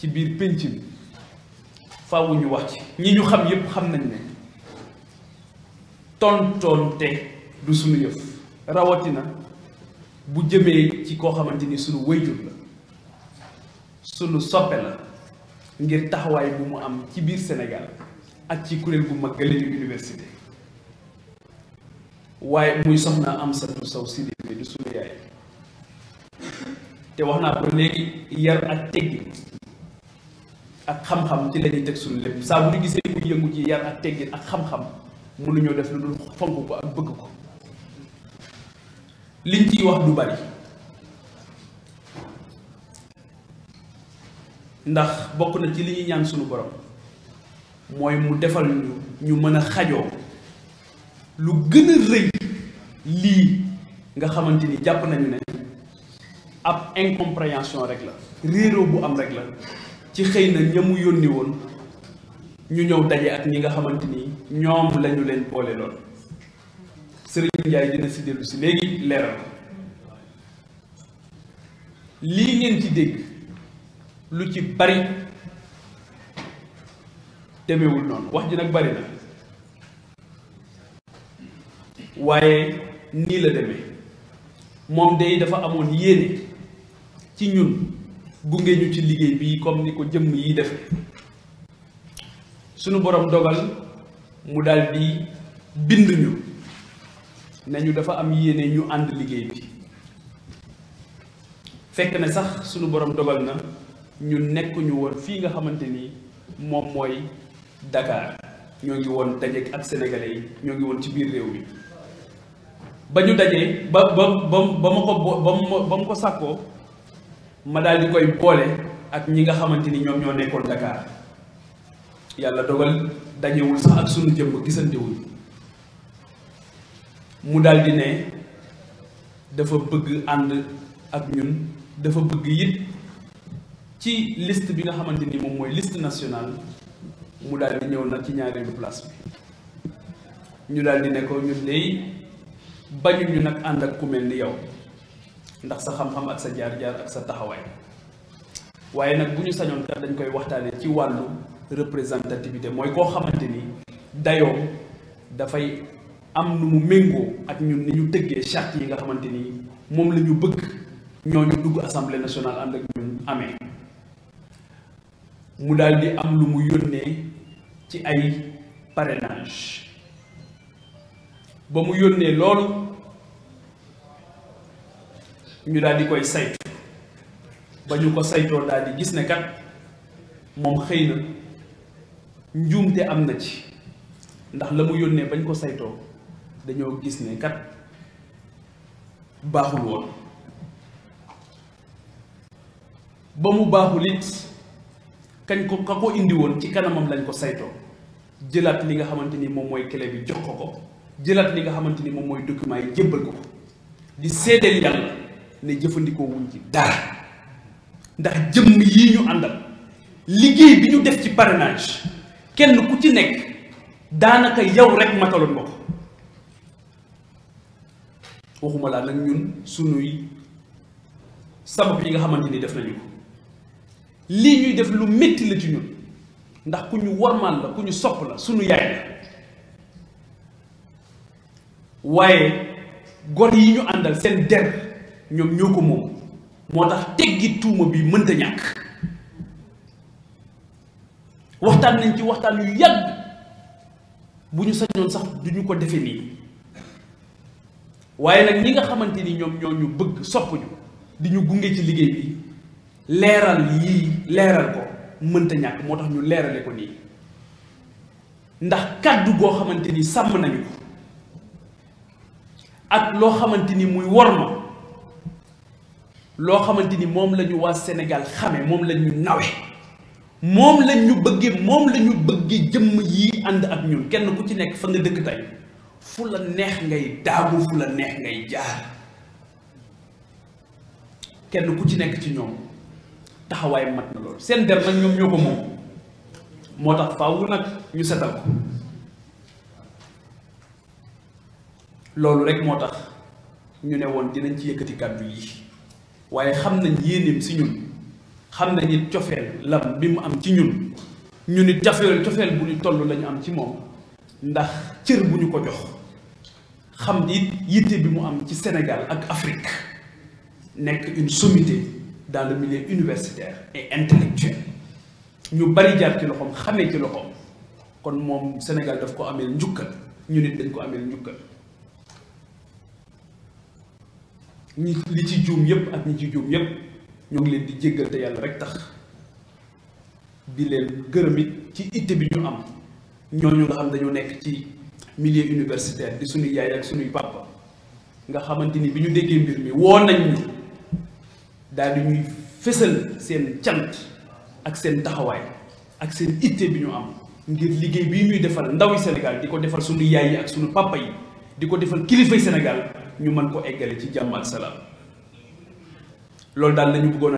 ci biir pénc bi faaw wax ci ñi ñu xam yépp xam nañ ne tontonte du suñu yëf rawatina bu jëmee ci koo xamante ni suñu wayjur la suñu soppe la ngir taxawaay bu mu am ci biir senegal ak ci kuréel bu mag gële di université waaye muy soxna am satu saw sidibé du suñu yaay te wax naa ko léegi yar ak teggi ak xam-xam ci la ñuy teg suñu lépp saa bu ñu gisee ku yëngu ci yar ak teggin ak xam-xam mënuñoo def lu dul fonk ko ak bëgg ko liñ ciy wax du bari ndax bokk na ci li ñuy ñaan suñu borom mooy mu defal ñu mën a xajoo lu gën a rëy lii nga xamante ni jàpp nañu ne ab incompréhension rek la réeroo bu am rek la ci xëy na ña mu woon ñu ñëw daje ak ñi nga xamante ni ñoom lañu leen boole lool Serigne Ndiaye dina si dellu si léegi leeral lii ngeen ci dégg lu ci bari demewul noonu wax ji nag bari na waaye nii la demee moom de dafa amoon yéene ci ñun gunge ñu ci liggéey bi comme ni ko jëmm yi def sunu borom dogal mu daal di bind ñu nañu dafa am yéene ñu ànd liggéey bi fekk na sax sunu borom dogal na ñu nekkuñu ñu woon fii nga xamante ni moom mooy Dakar ñoo ngi woon daje ak sénégalais yi ñoo ngi woon ci biir réew mi ba ñu dajee ba ba ba ba ma ko ba ma ko sàkkoo ma daal koy boole ak ñi nga xamante ni ñoom ñoo nekkoon Dakar yàlla dogal dajewul sax ak sunu jëmm gisantewul mu daal di ne dafa bëgg ànd ak ñun dafa bëgg it ci liste bi nga xamante ni moom mooy list national mu daal di ñëw nag ci ñaareelu place bi ñu daal di ne ko ñun de bañu ñu nag ànd ak ku mel ni yow. ndax sa xam-xam ak sa jaar-jaar ak sa taxawaay waaye nag bu ñu sañoon kat dañ koy waxtaanee ci wàllu représentativité mooy koo xamante ni dayoo dafay am lu mu méngoo ak ñun ni ñu tëggee charte yi nga xamante ni moom la ñu bëgg ñooñu dugg assemblée nationale ànd ak ñun amee mu daal di am lu mu yónnee ci ay parrainage ba mu yónnee lool ñu daal di koy saytu ba ñu ko saytoo daal gis ne kat moom xëy na njuumte am na ci ndax la mu yónnee bañ ko saytoo dañoo gis ne kat baaxul woon ba mu baaxul it kañ ko ka ko indi woon ci kanamam lañ ko saytoo jëlaat li nga xamante ni moom mooy clé bi jox ko ko jëlaat li nga xamante ni moom mooy document yi jébbal ko ko di seedeel yàlla ne jëfandikoo wuñ ci dara ndax jëmm yi ñu àndal liggéey bi ñu def ci parrainage kenn ku ci nekk daanaka yow rek mataloon nga ko waxuma laa nag ñun sunuy sabab yi nga xamante ni def nañu lii ñuy def lu metti la ci ñun ndax ku ñu warmaal la ku ñu sopp la sunu yaay la waaye gor yi ñu àndal seen der ñoom ñoo ko moom moo tax teggi tuuma bi mënta ñàkk waxtaan nañ ci waxtaan yu yàgg bu ñu sañoon sax du ñu ko defe nii waaye nag ñi nga xamante ni ñoom ñoo ñu bëgg sopp ñu di ñu gunge ci liggéey bi leeral yii leeral ko mënta ñàkk moo tax ñu leerale ko nii ndax kàddu goo xamante ni sàmm nañu ko ak loo xamante ni muy war ma loo xamante ni moom lañu ñu waa Sénégal xamee moom lañu ñu nawe moom la ñu bëggee moom lañu ñu bëggee jëmm yi ànd ak ñun kenn ku ci nekk fa nga dëkk tey fu la neex ngay daagu fu la neex ngay jaar kenn ku ci nekk ci ñoom taxawaay mat na loolu seen der nag ñoom ñoo ko moom moo tax faaw nag ñu setal ko loolu rek moo tax ñu ne woon dinañ ci yëkkati kàddu yi waaye xam nañ yéeneem si ñun xam nañ cofeel lam bi mu am ci ñun ñu ni jafeel cofeel bu ñu toll lañu am ci moom ndax cër bu ñu ko jox xam ni yitte bi mu am ci Sénégal ak Afrique nekk une sommité dans le milieu universitaire et intellectuel ñu bari jaar ci loxoom xamee ci loxoom kon moom Sénégal daf ko ameel njukkat ñu nit dañ ko ameel njukkat ñi li ci juum yépp ak ñi ci juum yépp ñoo ngi leen di jéggal yàlla rek tax di leen gërëm it ci itte bi ñu am ñu nga xam dañoo nekk ci milieu universitaire di suñuy yaay ak suñuy papa nga xamante ni bi ñu déggee mbir mi woo nañ ñu di ñuy fësal seen cant ak seen taxawaay ak seen itte bi ñu am ngir liggéey bi ñuy defal ndawi Sénégal di ko defal suñu yaay yi ak suñu papa yi di ko defal kilifay Sénégal ñu mën ko eggale ci jàmm ak salaam loolu daal lañu bëggoon